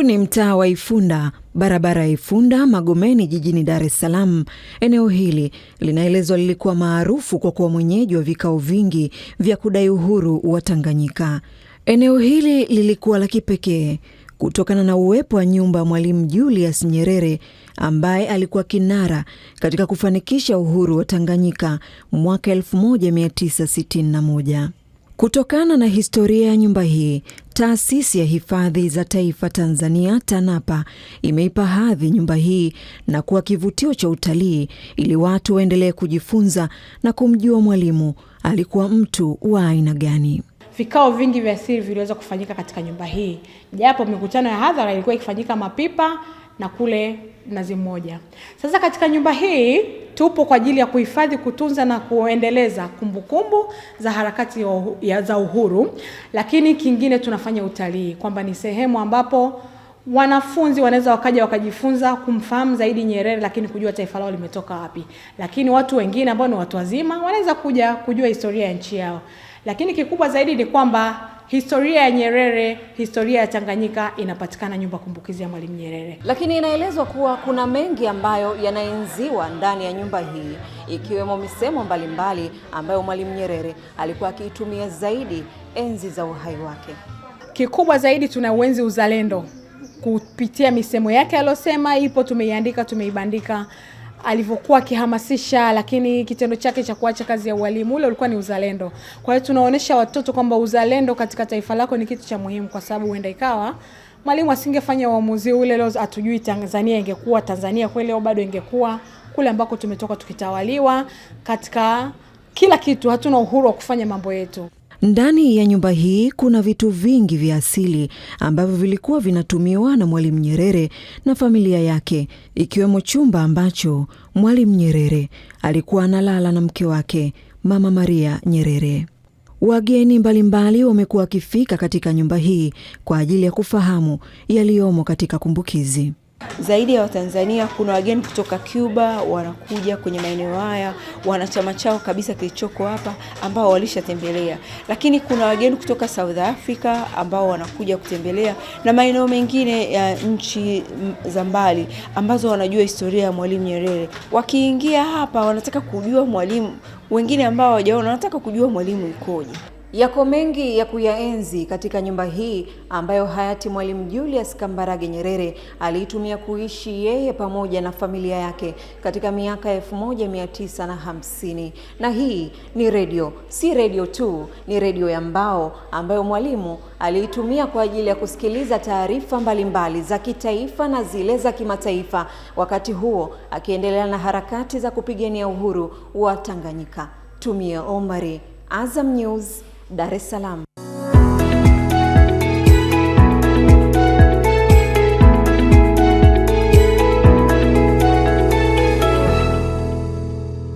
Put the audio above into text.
Huu ni mtaa wa Ifunda, barabara ya Ifunda Magomeni, jijini Dar es Salaam. Eneo hili linaelezwa lilikuwa maarufu kwa kuwa mwenyeji wa vikao vingi vya kudai uhuru wa Tanganyika. Eneo hili lilikuwa la kipekee kutokana na uwepo wa nyumba ya Mwalimu Julius Nyerere ambaye alikuwa kinara katika kufanikisha uhuru wa Tanganyika mwaka 1961. Kutokana na historia ya nyumba hii, Taasisi ya Hifadhi za Taifa Tanzania TANAPA imeipa hadhi nyumba hii na kuwa kivutio cha utalii ili watu waendelee kujifunza na kumjua Mwalimu alikuwa mtu wa aina gani. Vikao vingi vya siri viliweza kufanyika katika nyumba hii, japo mikutano ya hadhara ilikuwa ikifanyika Mapipa na kule mnazi mmoja. Sasa katika nyumba hii tupo kwa ajili ya kuhifadhi, kutunza na kuendeleza kumbukumbu kumbu za harakati ya za uhuru, lakini kingine tunafanya utalii, kwamba ni sehemu ambapo wanafunzi wanaweza wakaja wakajifunza kumfahamu zaidi Nyerere, lakini kujua taifa lao limetoka wapi. Lakini watu wengine ambao ni watu wazima wanaweza kuja kujua historia ya nchi yao, lakini kikubwa zaidi ni kwamba historia ya Nyerere, historia ya Tanganyika inapatikana nyumba kumbukizi ya Mwalimu Nyerere. Lakini inaelezwa kuwa kuna mengi ambayo yanaenziwa ndani ya nyumba hii ikiwemo misemo mbalimbali ambayo Mwalimu Nyerere alikuwa akiitumia zaidi enzi za uhai wake. Kikubwa zaidi tuna uenzi uzalendo kupitia misemo yake aliyosema, ipo tumeiandika, tumeibandika alivyokuwa akihamasisha, lakini kitendo chake cha kuacha kazi ya ualimu ule ulikuwa ni uzalendo. Kwa hiyo tunaonesha watoto kwamba uzalendo katika taifa lako ni kitu cha muhimu, kwa sababu huenda ikawa mwalimu asingefanya uamuzi ule, leo hatujui Tanzania ingekuwa Tanzania kweli au bado ingekuwa kule ambako tumetoka tukitawaliwa katika kila kitu, hatuna uhuru wa kufanya mambo yetu. Ndani ya nyumba hii kuna vitu vingi vya asili ambavyo vilikuwa vinatumiwa na Mwalimu Nyerere na familia yake, ikiwemo chumba ambacho Mwalimu Nyerere alikuwa analala na mke wake Mama Maria Nyerere. Wageni mbalimbali wamekuwa wakifika katika nyumba hii kwa ajili ya kufahamu yaliyomo katika kumbukizi. Zaidi ya Watanzania kuna wageni kutoka Cuba wanakuja kwenye maeneo haya, wana chama chao kabisa kilichoko hapa ambao walishatembelea, lakini kuna wageni kutoka South Africa ambao wanakuja kutembelea na maeneo mengine ya nchi za mbali ambazo wanajua historia ya Mwalimu Nyerere. Wakiingia hapa wanataka kujua Mwalimu, wengine ambao hawajaona wanataka kujua Mwalimu ukoje. Yako mengi ya kuyaenzi katika nyumba hii ambayo hayati Mwalimu Julius Kambarage Nyerere aliitumia kuishi yeye pamoja na familia yake katika miaka elfu moja na hamsini. Na hii ni redio, si redio tu, ni redio ya mbao ambayo Mwalimu aliitumia kwa ajili ya kusikiliza taarifa mbalimbali za kitaifa na zile za kimataifa, wakati huo akiendelea na harakati za kupigania uhuru wa Tanganyika. Tumie Omari, Azam News. Dar es Salaam.